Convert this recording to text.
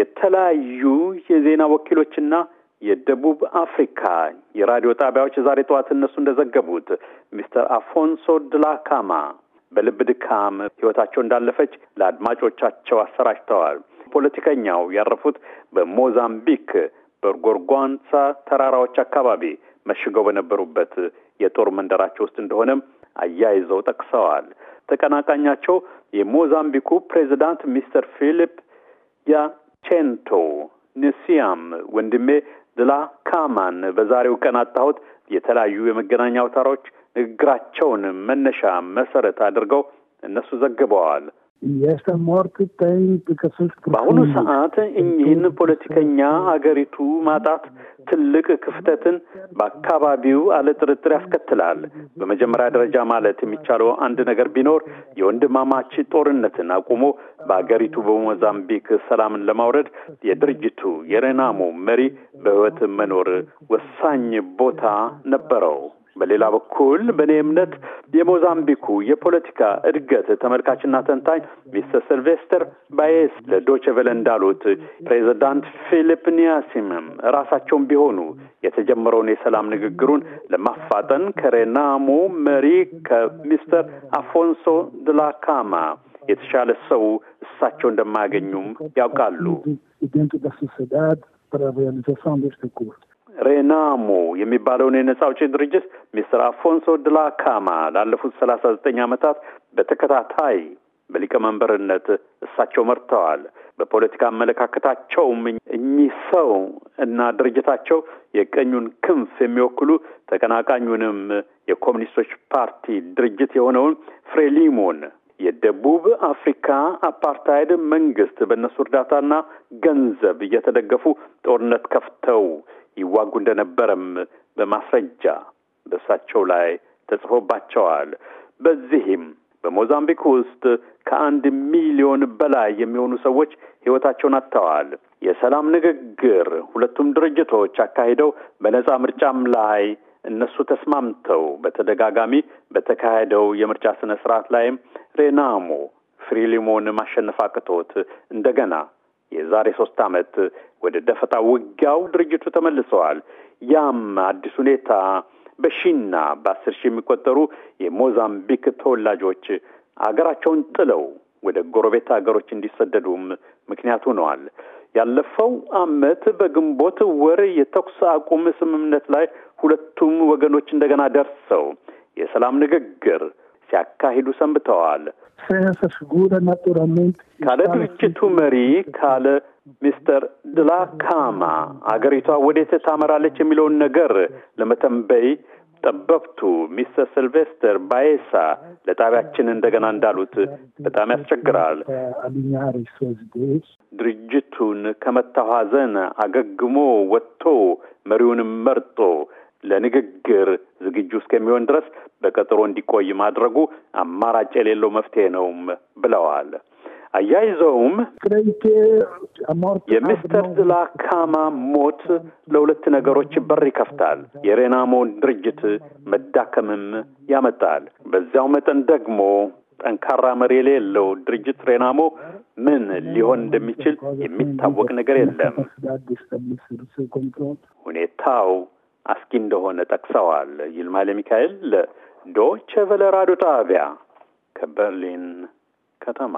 የተለያዩ የዜና ወኪሎችና የደቡብ አፍሪካ የራዲዮ ጣቢያዎች ዛሬ ጠዋት እነሱ እንደዘገቡት ሚስተር አፎንሶ ድላካማ በልብ ድካም ሕይወታቸው እንዳለፈች ለአድማጮቻቸው አሰራጭተዋል። ፖለቲከኛው ያረፉት በሞዛምቢክ በጎርጓንሳ ተራራዎች አካባቢ መሽገው በነበሩበት የጦር መንደራቸው ውስጥ እንደሆነም አያይዘው ጠቅሰዋል። ተቀናቃኛቸው የሞዛምቢኩ ፕሬዚዳንት ሚስተር ፊሊፕ ያ ቼንቶ ንሲያም ወንድሜ ድላ ካማን በዛሬው ቀን አጣሁት። የተለያዩ የመገናኛ አውታሮች ንግግራቸውን መነሻ መሰረት አድርገው እነሱ ዘግበዋል። E esta morte tem በአሁኑ ሰዓት እኚህን ፖለቲከኛ eh, አገሪቱ ማጣት ትልቅ ክፍተትን በአካባቢው አለ ጥርጥር ያስከትላል። በመጀመሪያ ደረጃ ማለት የሚቻለው አንድ ነገር ቢኖር የወንድማማች ጦርነትን አቁሞ በአገሪቱ በሞዛምቢክ ሰላምን ለማውረድ የድርጅቱ የሬናሞ መሪ በሕይወት መኖር ወሳኝ ቦታ ነበረው። በሌላ በኩል በእኔ እምነት የሞዛምቢኩ የፖለቲካ እድገት ተመልካችና ተንታኝ ሚስተር ሲልቬስተር ባየስ ለዶቸቨለ እንዳሉት ፕሬዚዳንት ፊሊፕ ኒያሲምም ራሳቸውን ቢሆኑ የተጀመረውን የሰላም ንግግሩን ለማፋጠን ከሬናሞ መሪ ከሚስተር አፎንሶ ድላካማ የተሻለ ሰው እሳቸው እንደማያገኙም ያውቃሉ። ሬናሞ የሚባለውን የነጻ አውጪ ድርጅት ሚስተር አፎንሶ ድላካማ ላለፉት ሰላሳ ዘጠኝ ዓመታት በተከታታይ በሊቀመንበርነት እሳቸው መርተዋል። በፖለቲካ አመለካከታቸውም እኚህ ሰው እና ድርጅታቸው የቀኙን ክንፍ የሚወክሉ ተቀናቃኙንም የኮሚኒስቶች ፓርቲ ድርጅት የሆነውን ፍሬሊሞን የደቡብ አፍሪካ አፓርታይድ መንግስት በእነሱ እርዳታና ገንዘብ እየተደገፉ ጦርነት ከፍተው ይዋጉ እንደነበረም በማስረጃ በእሳቸው ላይ ተጽፎባቸዋል። በዚህም በሞዛምቢክ ውስጥ ከአንድ ሚሊዮን በላይ የሚሆኑ ሰዎች ሕይወታቸውን አጥተዋል። የሰላም ንግግር ሁለቱም ድርጅቶች አካሂደው በነጻ ምርጫም ላይ እነሱ ተስማምተው በተደጋጋሚ በተካሄደው የምርጫ ስነ ስርዓት ላይም ሬናሞ ፍሪሊሞን ማሸነፍ አቅቶት እንደገና የዛሬ ሶስት ዓመት ወደ ደፈጣ ውጊያው ድርጅቱ ተመልሰዋል። ያም አዲስ ሁኔታ በሺና በአስር ሺህ የሚቆጠሩ የሞዛምቢክ ተወላጆች አገራቸውን ጥለው ወደ ጎረቤት ሀገሮች እንዲሰደዱም ምክንያት ሆነዋል። ያለፈው ዓመት በግንቦት ወር የተኩስ አቁም ስምምነት ላይ ሁለቱም ወገኖች እንደገና ደርሰው የሰላም ንግግር ሲያካሂዱ ሰንብተዋል። ካለ ድርጅቱ መሪ ካለ ሚስተር ድላካማ አገሪቷ ወዴት ታመራለች የሚለውን ነገር ለመተንበይ ጠበብቱ ሚስተር ሲልቬስተር ባየሳ ለጣቢያችን እንደገና እንዳሉት በጣም ያስቸግራል። ድርጅቱን ከመታኋዘን አገግሞ ወጥቶ መሪውንም መርጦ ለንግግር ዝግጁ እስከሚሆን ድረስ በቀጠሮ እንዲቆይ ማድረጉ አማራጭ የሌለው መፍትሄ ነውም ብለዋል። አያይዘውም የሚስተር ድላካማ ሞት ለሁለት ነገሮች በር ይከፍታል። የሬናሞን ድርጅት መዳከምም ያመጣል። በዚያው መጠን ደግሞ ጠንካራ መሪ የሌለው ድርጅት ሬናሞ ምን ሊሆን እንደሚችል የሚታወቅ ነገር የለም። ሁኔታው አስጊ እንደሆነ ጠቅሰዋል። ይልማ ለሚካኤል ዶቼ ቬለ ራዲዮ ጣቢያ ከበርሊን ከተማ